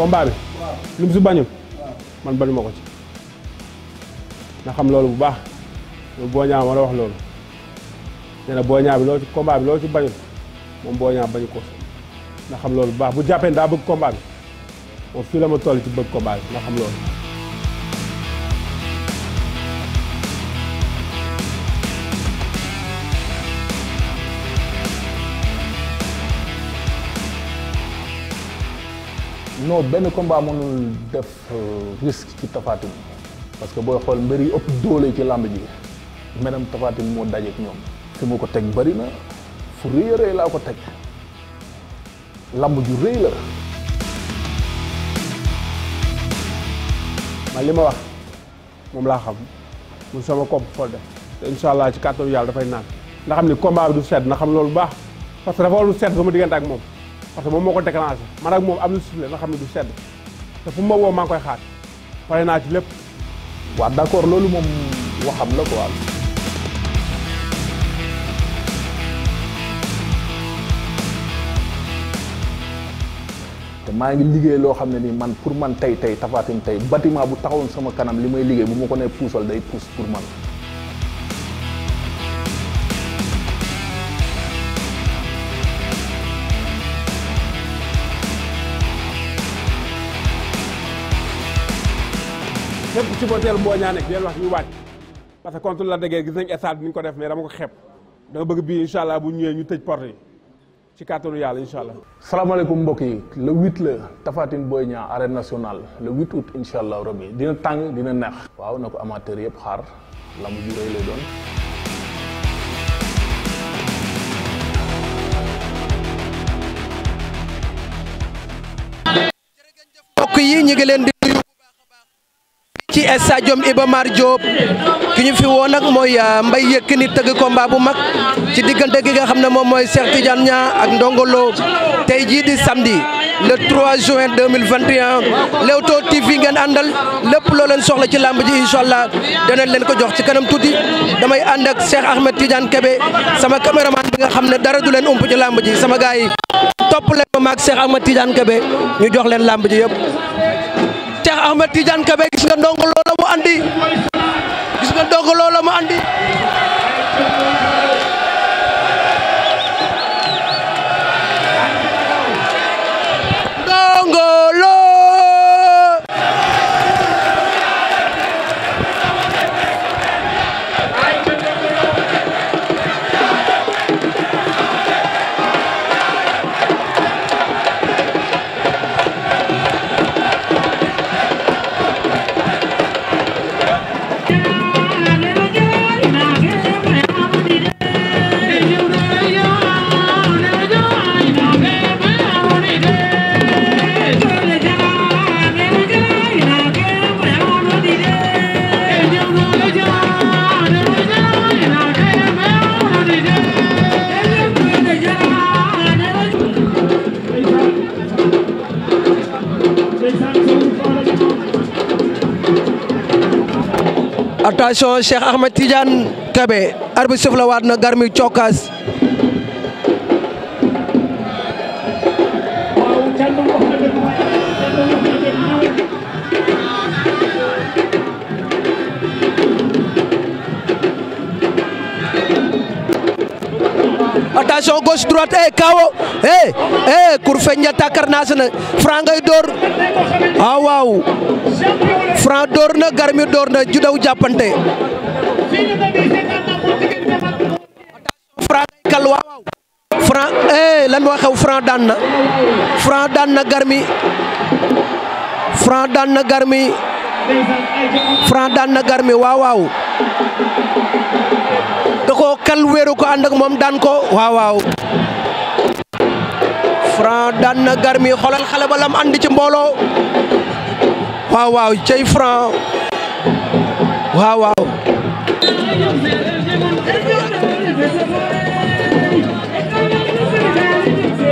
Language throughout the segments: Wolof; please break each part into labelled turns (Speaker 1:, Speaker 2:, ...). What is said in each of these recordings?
Speaker 1: combat bi. lu si bañul. man bañu ma ko ci. na xam loolu bu baax loolu boo ñaaw wax loolu nee na boo ñaaw bi loolu ci combat loolu ci bañul moom boo ñaaw bañu ko na xam loolu bu baax bu jàppee daa bëgg combat oo fii la ma toll ci bëgg combat bi na
Speaker 2: xam loolu.
Speaker 3: non benn combat mënul def euh, risque ci Tafatine parce que booy xool mbir yi ëpp doole ci làmb ji menam Tafatine moo dajeek ñoom fi mu ko teg bari na fu rëy a rëy laa ko teg làmb ju rëy la
Speaker 1: man li ma wax moom laa xam mun sama kopp Fodé te incha ci kàttan yàlla dafay naan nga xam ni combat bi du sedd na xam loolu baax parce que dafa war lu sedd sama diggante ak moom parce que moom moo ko déclenché man ak moom am na suuf la nga xam ne du sedd te fu ma woo maa ngi koy xaar pare naa ci lépp. waaw d'accord loolu moom
Speaker 3: waxam la quoi. te maa ngi liggéey loo xam ne nii man pour man tey tey Tapha tey bâtiment bu taxawoon sama kanam li may liggéey bu ma ko ne puusal day puus pour man.
Speaker 1: fépp ci booteel Mboñaa nekk leen wax ñu wàcc parce que la déggee gis nañ bi ñu ko def mais dama ko xeeb dama bëgg bii incha allah bu ñëwee ñu tëj porte yi ci kàttanu yàlla
Speaker 3: incha salaamaaleykum mbokk yi le huit la Tapha Tine Boy Niang arène nationale le huit août incha allah rabbi dina tàng dina neex. waaw na ko amateur yëpp xaar lamb ju rëy lay doon.
Speaker 4: mbokk yi ñu di. ci stade Iba Mar Diop ki ñu fi woon nag mooy euh, Mbaye Yékini tëgg combat bu mag ci diggante gi nga xam ne moom mooy Cheikh Tidiane ñaa ak Ndongo Lo tey jii di samedi le 3 juin 2021 Leewtoo TV ngeen àndal lépp loo leen soxla ci làmb ji incha allah danañ leen ko jox ci kanam tuuti damay ànd ak Cheikh Ahmed Tidiane kebe sama caméraman bi nga xam ne dara du leen ump ci làmb ji sama gars yi topp leen ma maag Cheikh Ahmed Tidiane Kébé ñu jox leen làmb ji yëpp. Cheikh Ahmed Tidiane Kebe gis nga ndongo loola mu andi gis nga ndongo loola mu andi rotation Cheikh Ahmed Tidiane Kebe arbitre sifflé waat na Garmi cokkaas attention gauche droite eh kawo eh eh Kour Fendja takar naas na ngay door ah waaw Franc door na Garmi door na ju daw jàppante. Franc day kal waaw waaw. Franc eh, lan moo xew Franc daan na Franc daan na Garmi Franc daan na Garmi Franc daan na Garmi waaw waaw. da koo kal wéeru ko ànd moom daan ko waaw waaw. Franc daan na Garmi xoolal xale ba lam andi ci mbooloo. waaw waaw cey Franc waaw waaw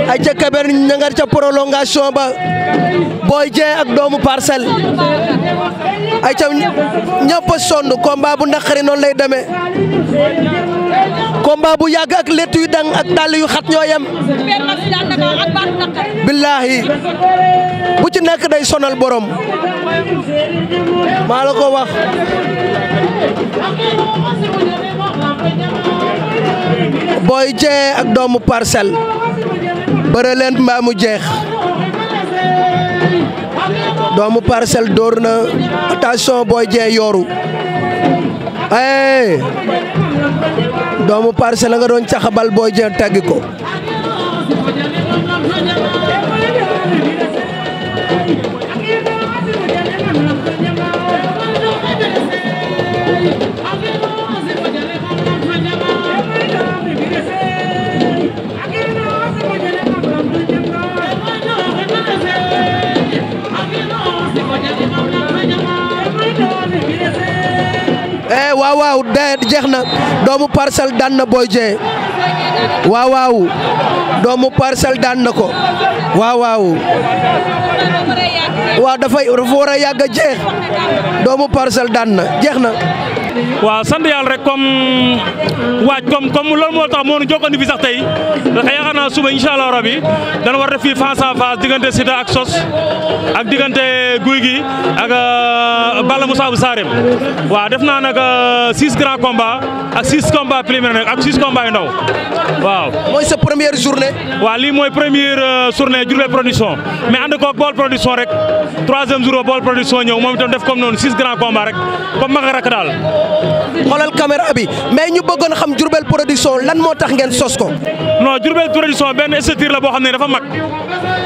Speaker 4: ay ca keber ñangar ca prolongation ba Boy Dieng ak doomu parcelle ay ca ñëpp a sonn combat bu naqari noonu lay deme combat bu yàgg ak létt yu dang ak dàll yu xat ñoo
Speaker 5: billaahi bu ci
Speaker 4: nekk day sonal borom maa la ko wax booy jee ak doomu parcelle bëre leen mbaa mu jeex doomu parcelle dóor na attention booy jee yooru ay doomu parcelle la nga doon caxabal Boy Dieng tàggi ko waaw de jeex na doomu parcelle daan na Boy Dieng waaw doomu parcelle daan na ko waaw waaw
Speaker 5: waaw dafay dafa war
Speaker 4: a yàgg a jeex
Speaker 2: doomu parcelle daan na jeex na waaw sant yàlla rek comme waaj comme comme loolu moo tax moo ñu sax tey ndax yaakaar naa suba incha allah rabi dana war def fii face à face diggante Siteu ak Zoss ak diggante Gouye Gui ak euh, Balla Moussa bu Sarem waaw def naa nag euh, six grands combats ak six combats préliminaires ak six combats yu ndaw waaw mooy sa première journée. waaw lii mooy première euh, journée Diourbel production mais ànd koog bool production rek troisième jour bool production ñëw moom itam def comme noonu six grands combats rek comme ma daal. xoolal caméra bi mais ñu bëggoon xam Diourbel production lan moo tax ngeen sos ko. non Diourbel production benn structure la boo xam ne dafa mag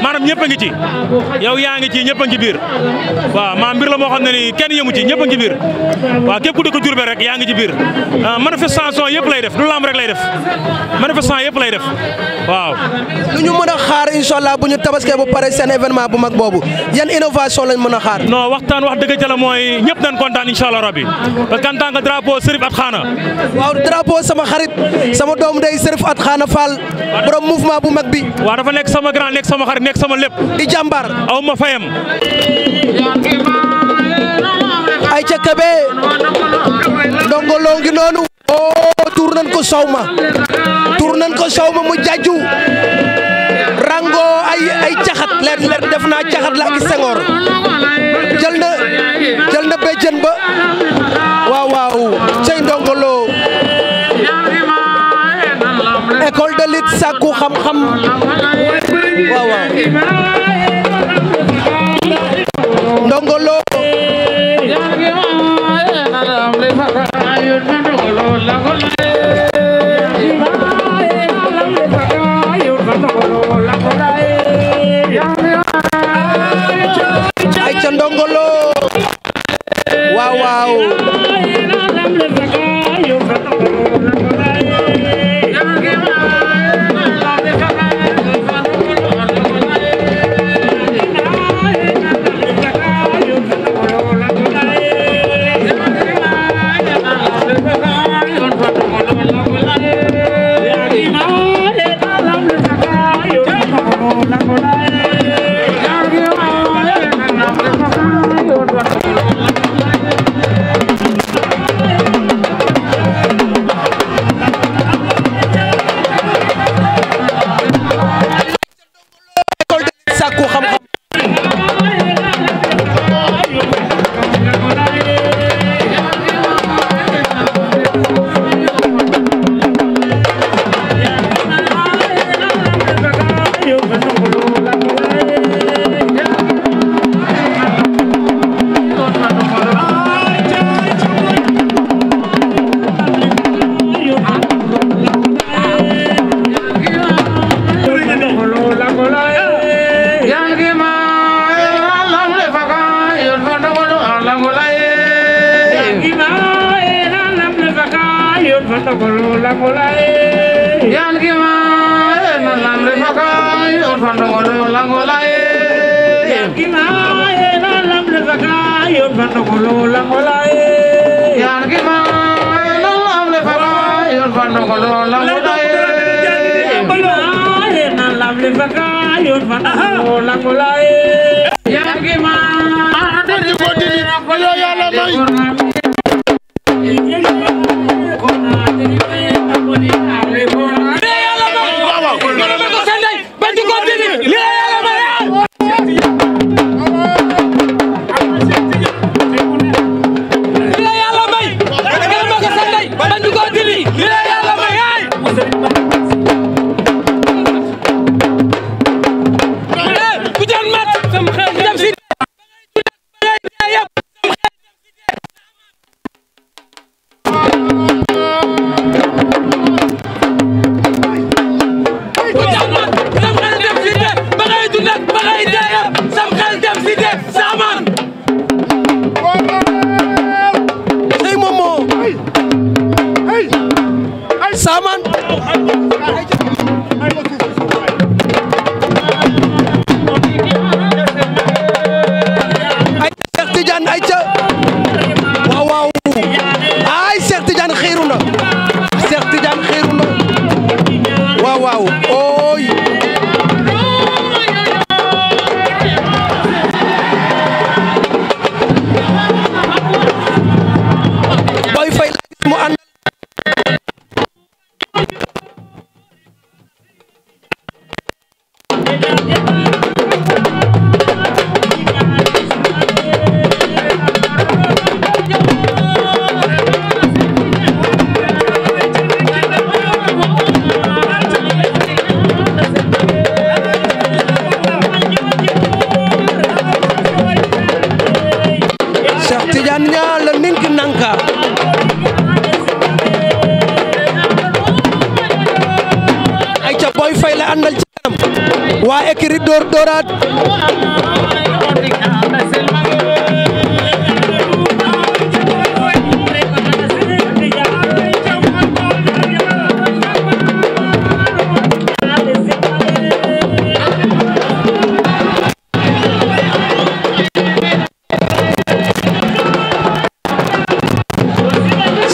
Speaker 2: maanaam ñëpp a ngi ci yow yaa ngi ci ñëpp a ngi biir waaw maa mbir la moo xam ne nii kenn yëmu ci ñëpp a ngi biir waaw képp ku dëkk Diourbel rek yaa ngi ci biir euh, manifestation yëpp lay def du lamb rek lay def manifestation yëpp lay def waaw. lu ñu mën a xaar
Speaker 4: incha allah bu ñu tabaskee bu pare seen événement bu mag boobu yan innovation lañ mën a xaar. non
Speaker 2: waxtaan wax dëgg ca la mooy ñëpp dañ kontaan incha allah rabbi parce que Serif At Xaana. waaw drapeau sama xarit sama doom day Serif At Xaana Fall borom mouvement bu mag bi. waaw dafa nekk sama grand nekk sama xarit nekk sama lépp. di jàmbaar aw ma fayam. ay ca Kébé ndongo loo ngi noonu. oo oh,
Speaker 4: tuur ko sow ma tuur ko sow ma mu jaju rango ay ay caxat leer def naa caxat la sengoor jël na jël ba. ku xam-xam
Speaker 5: waaw waaw Ndongo Lo
Speaker 4: dóor dóoraat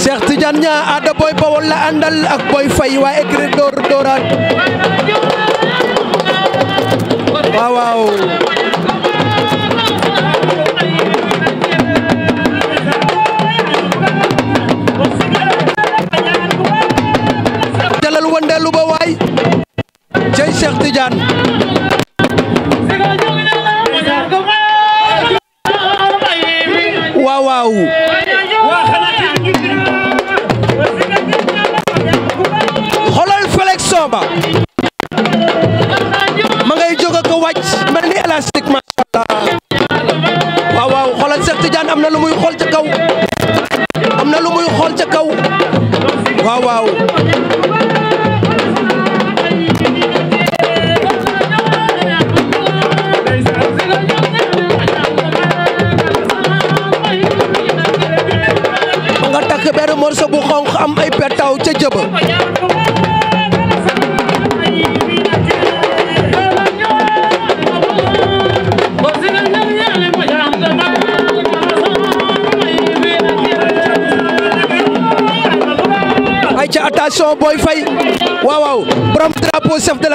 Speaker 4: Cheikh Tidiane Niang Ada Boy Bawol la àndal ak Boy Faye waa écrit dóor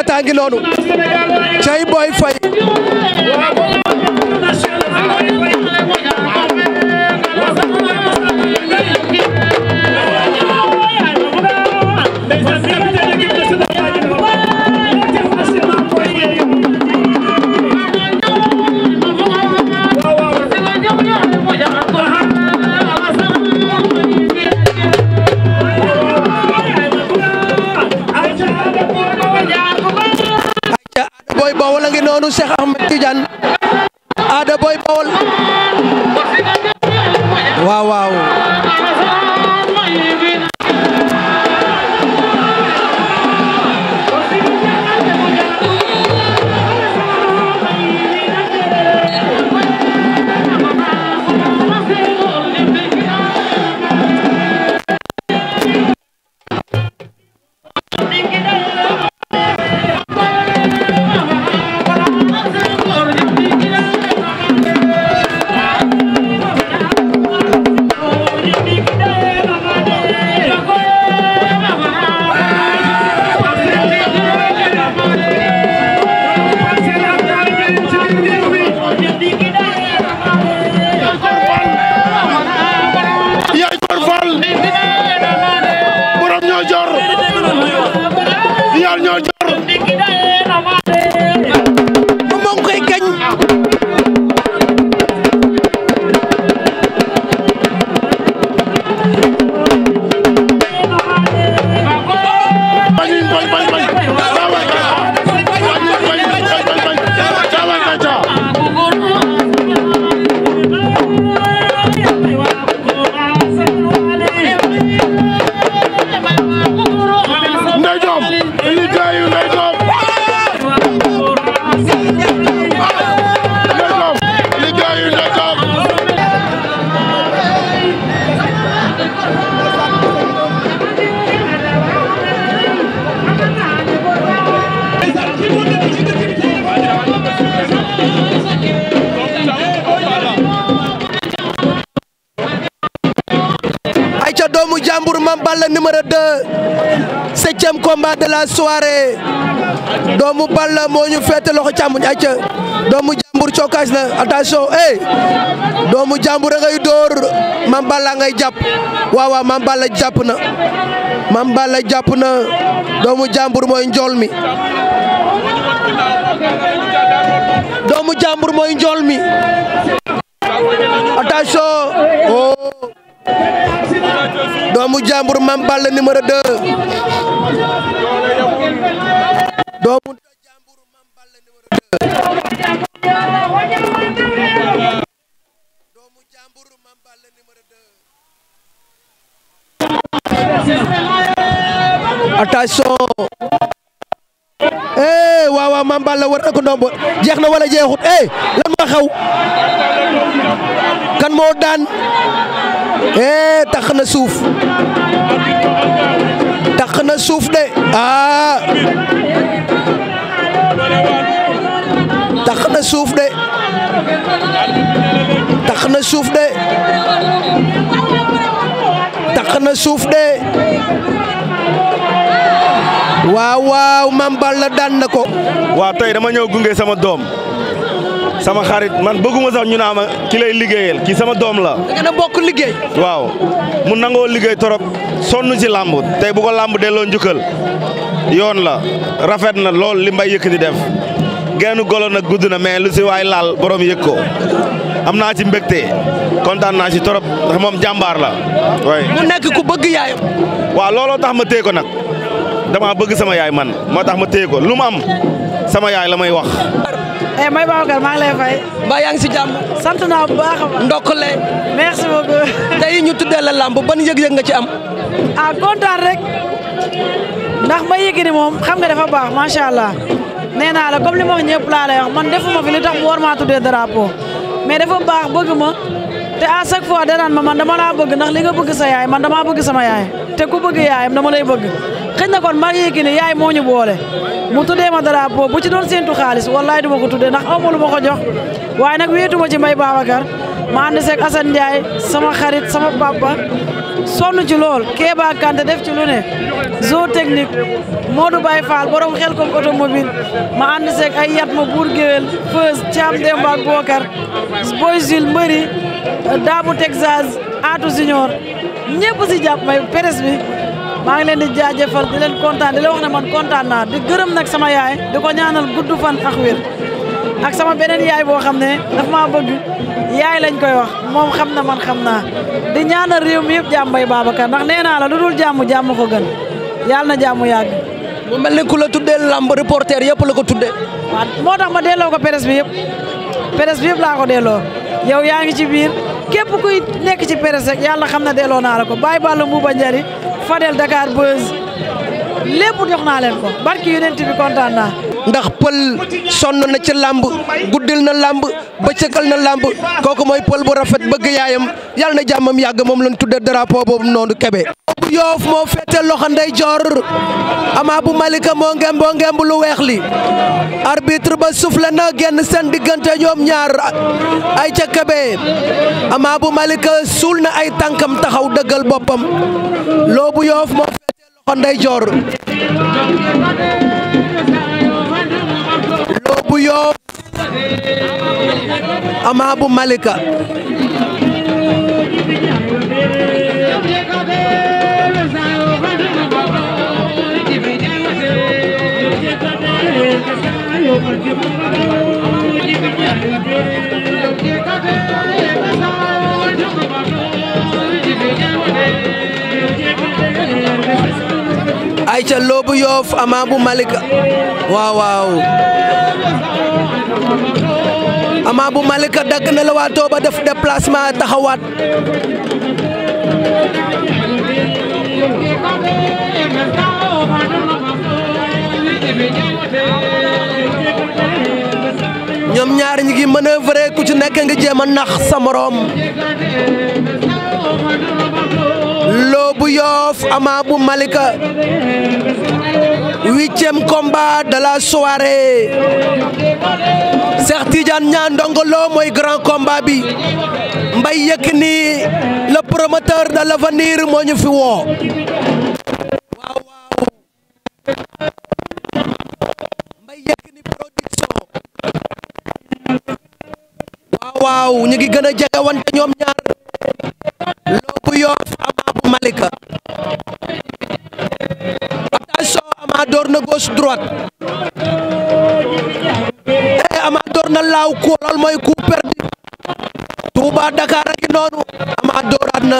Speaker 4: ñetta ngi noonu cey Boy Faye soirée doomu Balla moo ñu féete loxo càmmuñ acca doomu jàmbur cokkaas na attention eh doomu jàmbur a ngay dóor Mame Balla ngay jàpp waaw waaw Mame Balla jàpp na Mame Balla jàpp na doomu jàmbur mooy njool mi doomu jàmbur mooy njool mi attention oh. doomu jàmbur Mame Balla numéro 2 doomu jàmbur Mame Balla numéro 2 doomu jàmbur Mame Balla war na ko ndombo jeex na wala jeexut eh lan moo xew kan moo daan eh tax na suuf tax na suuf de aa ah. tax na suuf de tax na suuf de tax na suuf de
Speaker 2: waaw waaw Mame Balla daan na ko waa tey dama ñëw gunge sama doom sama xarit man bëgguma sax ñu naa ma ki lay liggéeyal kii sama doom la. da bokk liggéey. waaw mu nangoo liggéey torop sonn ci làmb tey bu ko làmb delloo njukkal yoon la rafet na lool li mbay yëkkati def geenu golo nag gudd na mais lu si waay laal borom yëg ko am naa ci mbégte kontaan naa si torop ndax moom jàmbaar la waay mu nekk ku bëgg yaay waaw looloo tax ma téye ko nag dama bëgg sama yaay man moo tax ma téye ko lu mu am sama yaay la may wax
Speaker 5: eh may Babacar maa ngi lay fay. mbaa yaa si jàmm. sant naa bu baax a baax. ndokkale. merci beaucoup. tey ñu tuddee la làmb ban yëg-yëg nga ci am. ah kontaan rek ndax ma yëg ni moom xam nga defa baax macha allah nee naa la comme li ma wax ñëpp laa lay wax man defuma fi li tax mu war maa tuddee drapeau mais dafa baax bëgg ma te à chaque fois danaan ma man dama laa bëgg ndax li nga bëgg sa yaay man damaa bëgg sama yaay te ku bëgg yaayam dama lay bëgg. xëy na kon marié gi ne yaay moo ñu boole mu tuddee ma drapeau bu ci doon séntu xaalis wallaay du ma ko tuddee ndax aw ma lu ma ko jox waaye nag wéetu ma ci Mbaye Babacar ma ànd seeg Assane Ndiaye sama xarit sama papa sonn ci lool Kéba Kanté def ci lu ne zoo technique Modou Baye Fall borom xel kom automobile ma ànd seeg ay yat ma buur géwél Feuz Thiam Demba ak Bokar Boy Jules Mbëri Daabu Texas Atou Junior ñëpp si jàpp may presse bi maa ngi leen di jaajëfal di leen kontaan di la wax man kontaan naa di gërëm nag sama yaay di ko ñaanal gudd fan ak wér ak sama beneen yaay boo xam ne daf maa bëgg yaay lañ koy wax moom xam na man xam naa di ñaanal réew mi yëpp jàmm bay ka ndax nee naa la lu dul jàmm jàmm ko gën yàlla na jàmm mu mel ni ku la tuddee lamb reporter yëpp la ko tuddee. waaw moo tax ma delloo ko presse bi yëpp presse bi laa ko delloo yow yaa ngi ci biir képp kuy nekk ci presse rek yàlla xam na delloo naa la ko bàyyi bàllu mbuuba njari Fadel Dakar Buzz lépp jox naa leen ko barki yonent bi kontaan naa. ndax pël sonn
Speaker 4: na ci làmb guddil na làmb bëccëgal na làmb kooku mooy pël bu rafet bëgg yaayam yal na jàmmam yàgg moom lañ tudde drapeau boobu noonu kebe. bu yoof moo loxo ndeyjoor Ama bu Malika moo ngemb lu weex li arbitre ba soufflé na génn seen diggante ñoom ñaar ay ca kebe Ama bu Malika suul na ay tànkam taxaw dëggal boppam loo bu yoof moo féete loxo ndeyjoor loo Malika ayca loobu yoof ama bu malik waaw waaw ama bu malik dagg na la waa Tooba def déplacement taxawaat ñoom ñaar ñi ngi manœuvrer ku ci nekk nga jéem nax sa morom Lô bu Yoff Ama bu Malika huitième combat de soirée Cheikh Tidiane Niang Ndongo Lô mooy grand combat bi Mbaye Yékini le promoteur de l'avenir moo ñu fi woo waaw ñu ngi gën a jege wante ñoom ñaar loo bu yoof Ama bu Malika attention Ama door na eh, laaw ku lool mooy coup perdu Touba Dakar a ngi noonu Ama dooraat na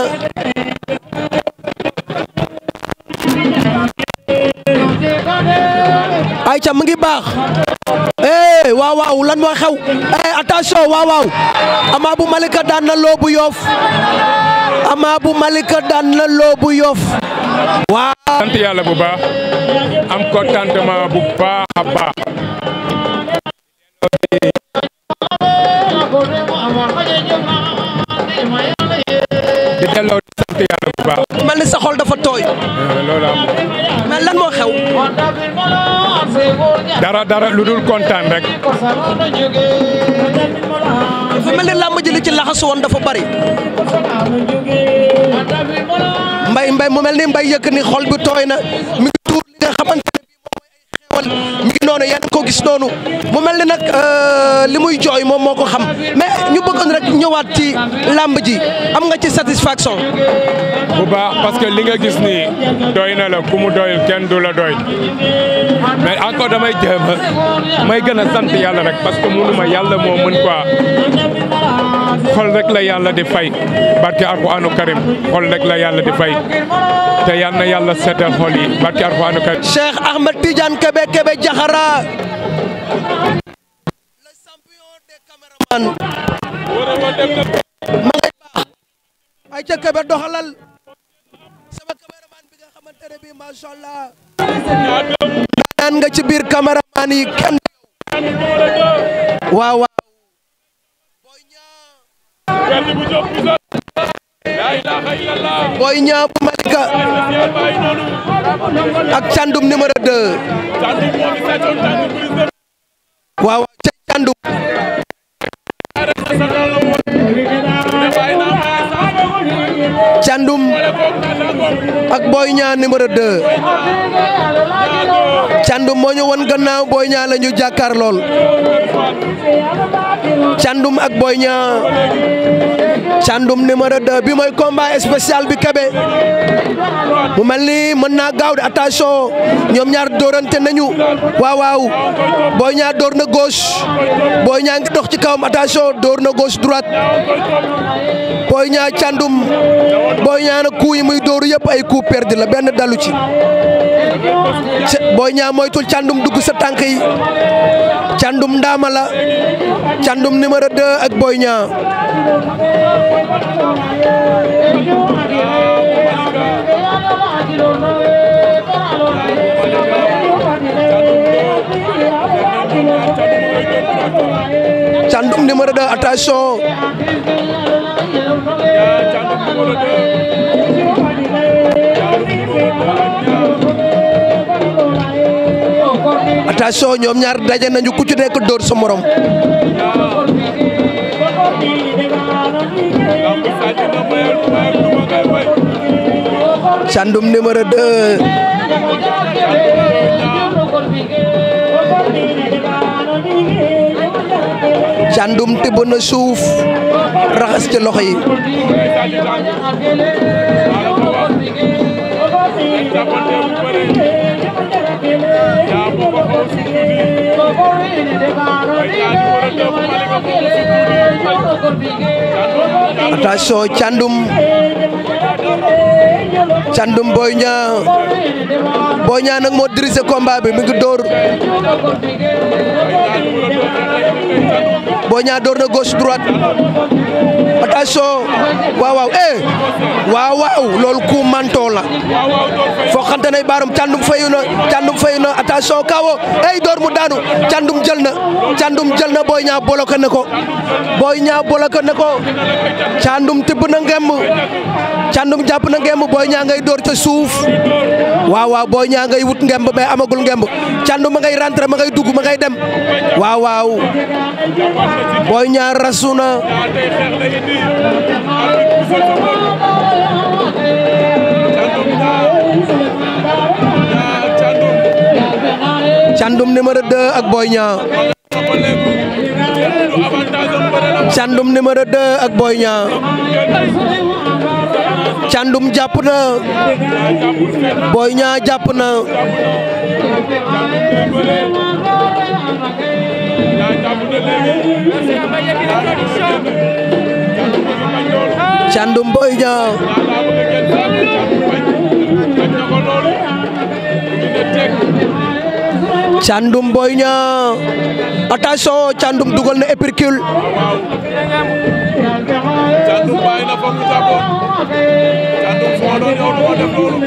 Speaker 4: ayca mu ngi baax waaw lan moo xew eh attention waaw waaw bu Malika daan na Lô bu Yoff Ama bu Malika daan na Lô bu waaw sant yàlla bu
Speaker 1: baax
Speaker 5: am contentement bu
Speaker 1: baax a baax baax mel ni sa xol dafa tooy eh, lan moo xew dara dara lu dul kontaan rek.
Speaker 4: mel ni làmb ji ci laxas woon dafa bari. mbay mbay mu mel ni mbay yëkk ni xol bi tooy na. ko gis noonu mu mel ni nag euh, li muy jooy moom moo ko xam mais ñu bëggoon rek ñëwaat ci làmb ji am nga
Speaker 1: ci satisfaction. bu baax parce que li nga gis ni doy na la ku mu doyul kenn du la doy mais da damay jéem may gën a sant yàlla rek parce que mënu ma yàlla moo mën quoi. xol rek la yàlla di fay barke alquranu karim xol rek la yàlla di fay te yal yàlla seddal xol yi barke alquranu karim Cheikh Ahmed Tidiane Kébé Kébé Diakhara
Speaker 4: le nga ci biir caméraman yi kenn waaw Boy Niang bu ak candum numéro 2 waaw candum Thiandoum ak Boy Niang numéro
Speaker 5: 2
Speaker 4: Thiandoum moo ñu won gannaaw Boy Niang la ñu jàkkaar lool Thiandoum ak Boy Niang Thiandoum numéro 2 bi mooy combat spécial bi Kébé mu mel ni mën naa gaaw de attention ñoom ñaar dóorante nañu waaw waaw Boy Niang dóor na gauche Boy Niang ngi dox ci kawam attention dóor na gauche droite Boy Niang Thiandoum Boy Niang nag yi muy dóoru yëpp ay coup perdu la benn dallu ci Boy Niang moytul càndum dugg sa tànk yi càndum ndaama la càndum numéro ak Boy Niang attention ñoom ñaar daje nañu ku ci nekk dóor sa morom. Thiandoum numéro 2. Thiandoum tibb na suuf raxas ci loxo
Speaker 5: yi attention candum candum Boy Niang
Speaker 4: Boy Niang nag moo dirigé combat bi mi ngi dóor Boy Niang door na gauche droite attention waaw waaw eh loolu ku manto la foo xante nay baaram càndum fayu na càndum fayu na attention kawo ey eh, door mu daanu càndum jël na càndum jël na Boy Niang boloka ko Boy Niang boloka ko càndum tibb na ngemb càndum jàpp na ngemb Boy Niang ngay door ca suuf waaw waaw Boy Niang ngay wut ngemb mais amagul ngemb càndum ma ngay rentré ma ngay dugg ma ngay dem waaw waaw booy Niang rasu na Thiandoum numéro ak Boy Niang Thiandoum numéro ak Boy Niang Thiandoum jàpp na Boy Niang jàpp na Thiandoum Boy Niang Thiandoum Boy Niang attention Thiandoum dugal na épercule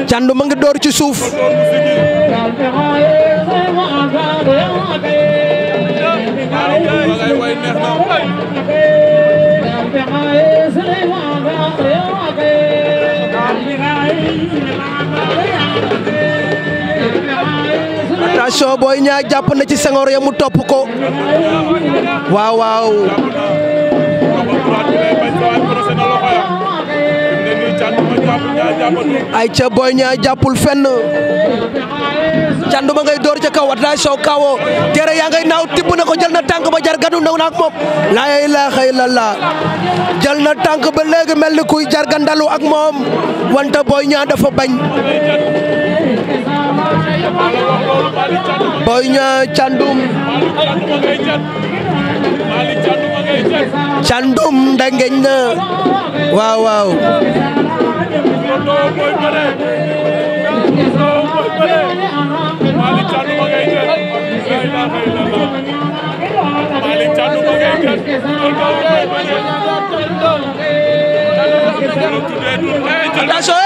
Speaker 4: Thiandoum ma ngi door ci suuf
Speaker 1: ma
Speaker 5: ngay way
Speaker 4: neex jàpp na ci sengoor ya mu topp ko waaw ay ca Boy jàppul fen candu ba ngay door ca kaw attention kawo tere yaa ngay naaw tibb na ko jël na tànk ba jar ganu ndaw naak moom laa ilaaha jël na tànk ba léegi mel ni kuy jar gandalu ak moom wante Boy dafa bañ Boy candum candum da ngeñ na waaw waaw
Speaker 5: attention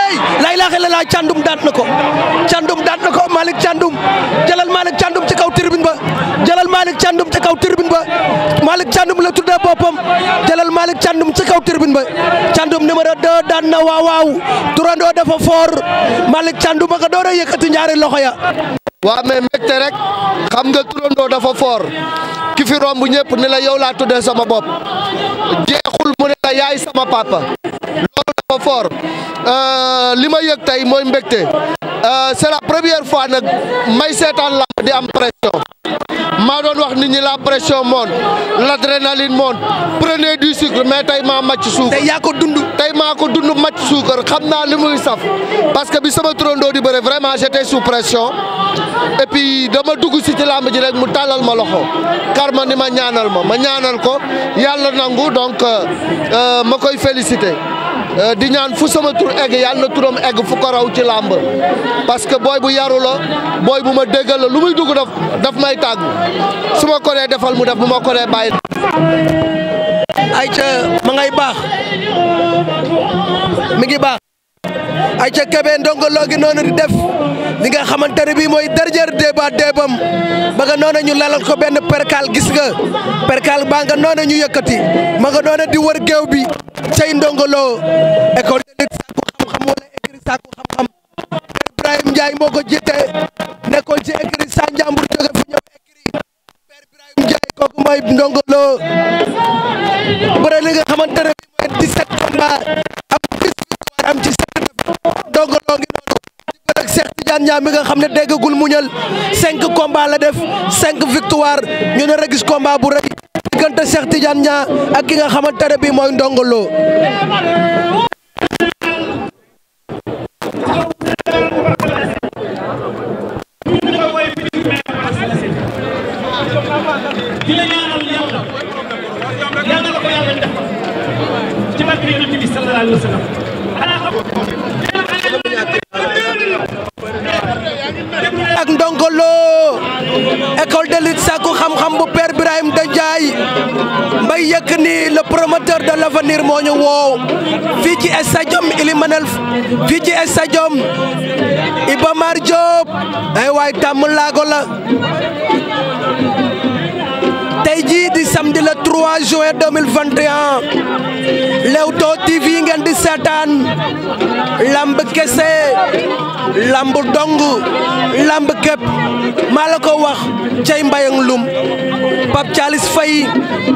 Speaker 5: ey lay laa
Speaker 4: xel candum daat na ko candum daat na ko Malick Candum jëlal Malick Candum ci kaw tribune ba jëlal Malick Thiandoum ci kaw tribune ba Malick Thiandoum la tuddee boppam jalal Malick Thiandoum ci kaw tribune ba Thiandoum numéro 2 daan na waaw waaw turandoo dafa fort Malick Thiandoum ba nga door a yëkkati loxo ya. waa mais mbégte rek xam nga turandoo dafa fort ki fi romb ñëpp ni la yow laa tuddee sama bopp jeexul mu ne la yaay sama papa.
Speaker 2: fort euh, li ma yëg tey mooy mbégte euh, c'est la première fois nag may seetaan làmb di am pression maa doon wax nit ñi la pression monte
Speaker 4: l'adrénaline monte prenez du sucre mais tey maa macc suukar tey yaa ko dund tey maa ko dund macc suukar xam naa li muy saf parce que bi sama turandoo di bëre vraiment j'étais sous pression et puis dama dugg si ci làmb ji rek mu tàllal ma loxo kar ma ni ma ñaanal ma ma ñaanal ko yàlla nangu donc euh, ma koy féliciter Euh, di ñaan fu sama tur egg yàlla na turoom egg fu ko raw ci làmb parce que booy bu yaru la booy bu ma déggal la lu muy dugg daf daf may tàgg su ma ko defal mu def bu ma ko bàyyi ay ca ma ngay baax mi ngi baax ay ca Kébé Ndongo Lo gi noonu di def li nga xamante ne bii mooy dernier débat débam ba nga noonu ñu lalal ko benn perkal gis nga perkal baa nga noonu ñu yëkkati ma nga noonu di wër géew bi cay Ndongo Lo école ci écrit sa njàmbur jóge fi ñëw écrit père Ibrahima Ndiaye kooku mooy Ndongo Lo bëre li nga xamante ne bii mooy 17 combat am 18 victoire am ci tongaloo ngi noonu ak Cheikh Tidiane mi nga xam ne déggagul muñal cinq combat la def cinq victoire ñu ne gis combat bu rëy diggante Cheikh Tidiane ak ki nga xamante ne bii mooy ndongoloo. école de lutte sàkku xam-xam bu père Birahim da Ndiaye Mbaye Yékini le promoteur de l'avenir moo ñu woow fii ci stadium Ilimanel fii ci stadium Iba Mar ay waay tàmm laago la tey jii di samdi le 3 juin 2021 Leewtoo TV ngeen di seetaan lamb kese làmb dong lamb képp maa la ko wax cay mbayang lum Pape Thialis Faye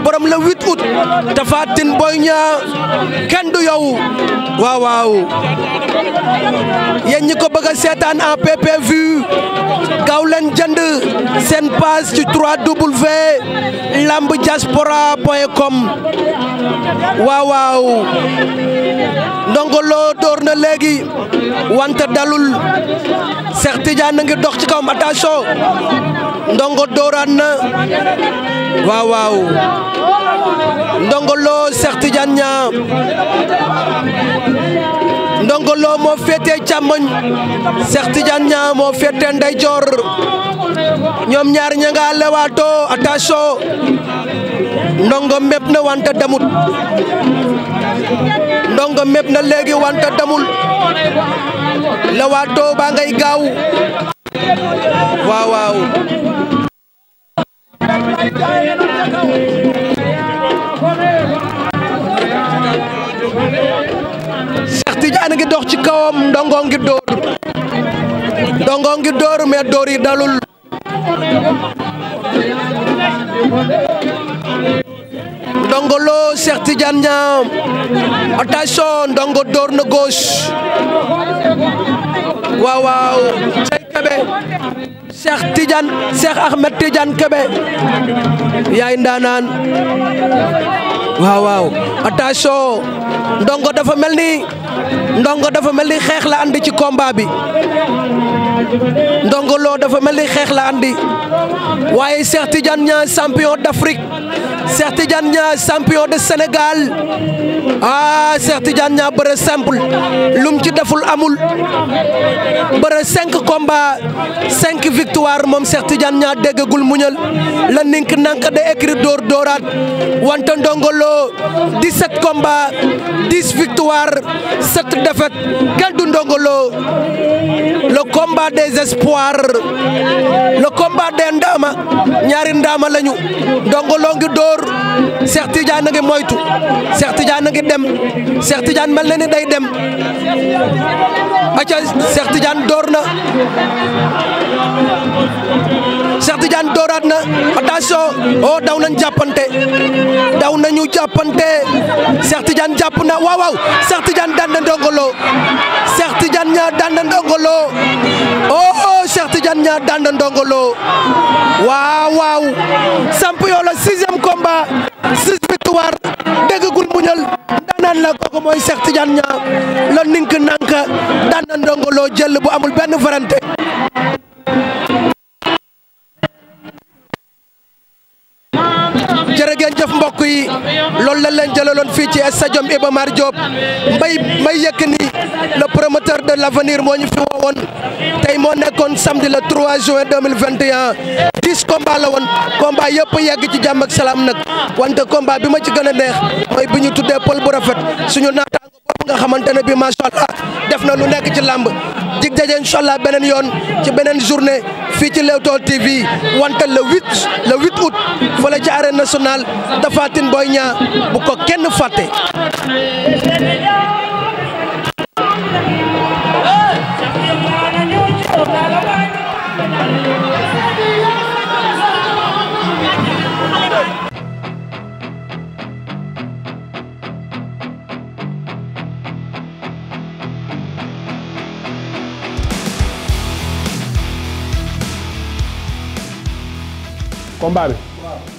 Speaker 4: borom la 8 août Tapha Tine Boy Niang kenn du yow waaw waaw yéen ko bëgg a seetaan en PPV gaaw leen jënd passe ci 3W lambdiaspora.com waaw waaw Ndongo Lo na léegi wante dalul Cheikh Tidiane ngi dox ci kaw attention Ndongo dooran na waaw waaw Ndongo Lo Cheikh Tidiane Ndongo Lo moo féetee càmmoñ Cheikh Tidiane Niang moo féetee ndeyjoor ñoom ñaar ña nga lewaatoo attention Ndongo mépp na wante damut
Speaker 5: Ndongo mépp na léegi wante damul
Speaker 4: lewaatoo baa ngay gaaw waaw waaw Tidiane ngi dox ci kawam ndongo ngi dóor ndongo ngi dóor yi dalul Ndongo Lo Cheikh Tidiane Niang attention Ndongo dóor na gauche waaw waaw Cheikh Kébé Cheikh Ahmed Tidiane Kébé yaay ndaanaan waaw waaw attention ndongo dafa mel ni ndongo dafa mel ni xeex la andi ci combat bi
Speaker 5: ndongo loo dafa mel ni xeex
Speaker 4: la andi waaye Cheikh Tidiane Niang champion d'Afrique Cheikh Tidiane Niang champion de Sénégal ah Cheikh Tidiane Niang bëre simple lum ci deful amul bëre cinq combats cinq victoire moom Cheikh Tidiane Niang déggagul muñal la nink nank de écrit door dooraat wante ndongolo 17 combats 10 victoires 7 défaites ndongolo le combat des espoirs le combat des ndaama ñaari ndaama lañu ndongolo ngi door dóor Cheikh a ngi moytu Cheikh Tidiane a ngi dem Cheikh Tidiane mel na ni day dem
Speaker 5: aca Cheikh
Speaker 4: Tidiane dóor na Cheikh Tidiane dóoraat na attention oh daw nañ jàppante daw nañu jàppante Cheikh Tidiane jàpp na waaw waaw Cheikh Tidiane daan na ndongolo Cheikh Tidiane ñaa daan na ndongolo oh, oh. ñaa daan ndongolo waaw waaw champion komba sixième combat six victoire déggagul la kooku mooy Cheikh Tidiane ñaa la nink nanka daan ndongolo jël bu amul benn farante jërë ngeen jëf mbokk yi loolu lañ leen jëlaloon fii ci stade Iba Mar Diop Mbaye Mbaye Yékini le promoteur de l'avenir moo ñu fi woowoon tey moo nekkoon samedi le 3 juin 2021 dix combat la woon combat yëpp yegg ci jàmm ak salaam nag wante combat bi ma ci gën a neex mooy bi ñu tuddee pël bu rafet suñu naataango bopp nga xamante ne bi macha allah def na lu nekk ci làmb dig daje incha allah beneen yoon ci beneen journée fii ci Leewtoo TV wante le 8 le 8 août fële ci arène national Tapha Tine Boy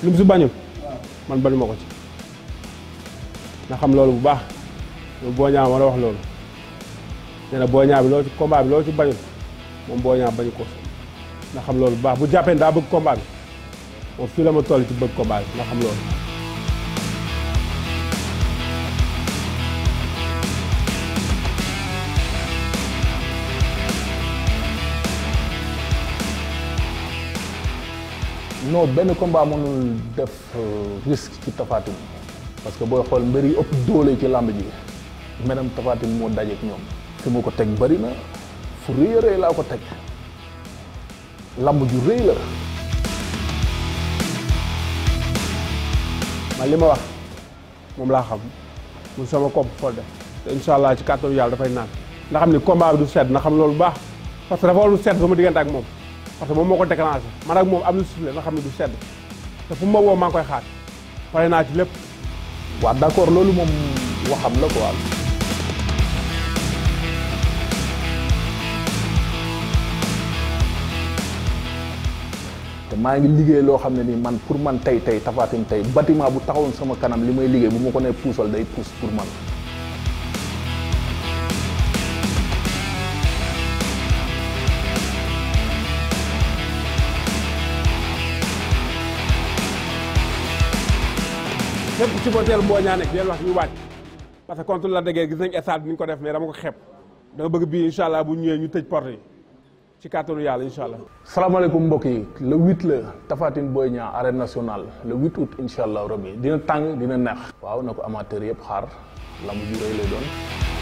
Speaker 1: lu mu bañul man bañu ma ko ci na xam loolu bu baax loolu booñaa ma la wax loolu nee na booñaa bi loolu ci combat bi loo ci bañul moom booñaa bañu ko na xam loolu bu baax bu jàppee daa bëgg combat bi moom fii la ma toll ci bëgg combat bi na xam loolu
Speaker 3: non benn combat mënul def euh, risque ci Tapha parce que booy xool mbër yi ëpp doole ci làmb ji menam Tapha moo dajeek ñoom fi ma ko teg bari na fu rëy a rëy laa ko teg làmb ju rëy la
Speaker 1: man li ma wax moom laa xam mun sama kopp folde te incha allah ci kàttan yàlla dafay naan nga xam ni combat bi du sedd na xam loolu baax parce que dafa warul sedd sama diggante ak moom parce que moom moo ko déclenché man ak moom am na suuf nga xam ne du sedd te fu ma woo maa ngi koy xaar pare naa ci lépp. waaw d'accord loolu moom wax waxam la
Speaker 3: quoi. te maa ngi liggéey loo xam ne nii man pour man tey tey Tapha Tine tey bâtiment bu taxawoon sama kanam li may liggéey bu ma ko ne puusal day puus pour man.
Speaker 1: képp ku supporter Mbooñaa nekk del wax ñu waaj parce que contre la déggee gis nañ stade ni ko def mais dama ko xeeb dama bëgg bii incha allah bu ñëwee ñu tëj porte yi ci kàttanu yàlla incha allah.
Speaker 3: salaamaaleykum mbokk yi le huit la Tapha Tine Boy Niang national nationale le huit août incha allah rabi dina tàng dina neex. waaw na ko amateur yëpp xaar la ju rëy lay doon.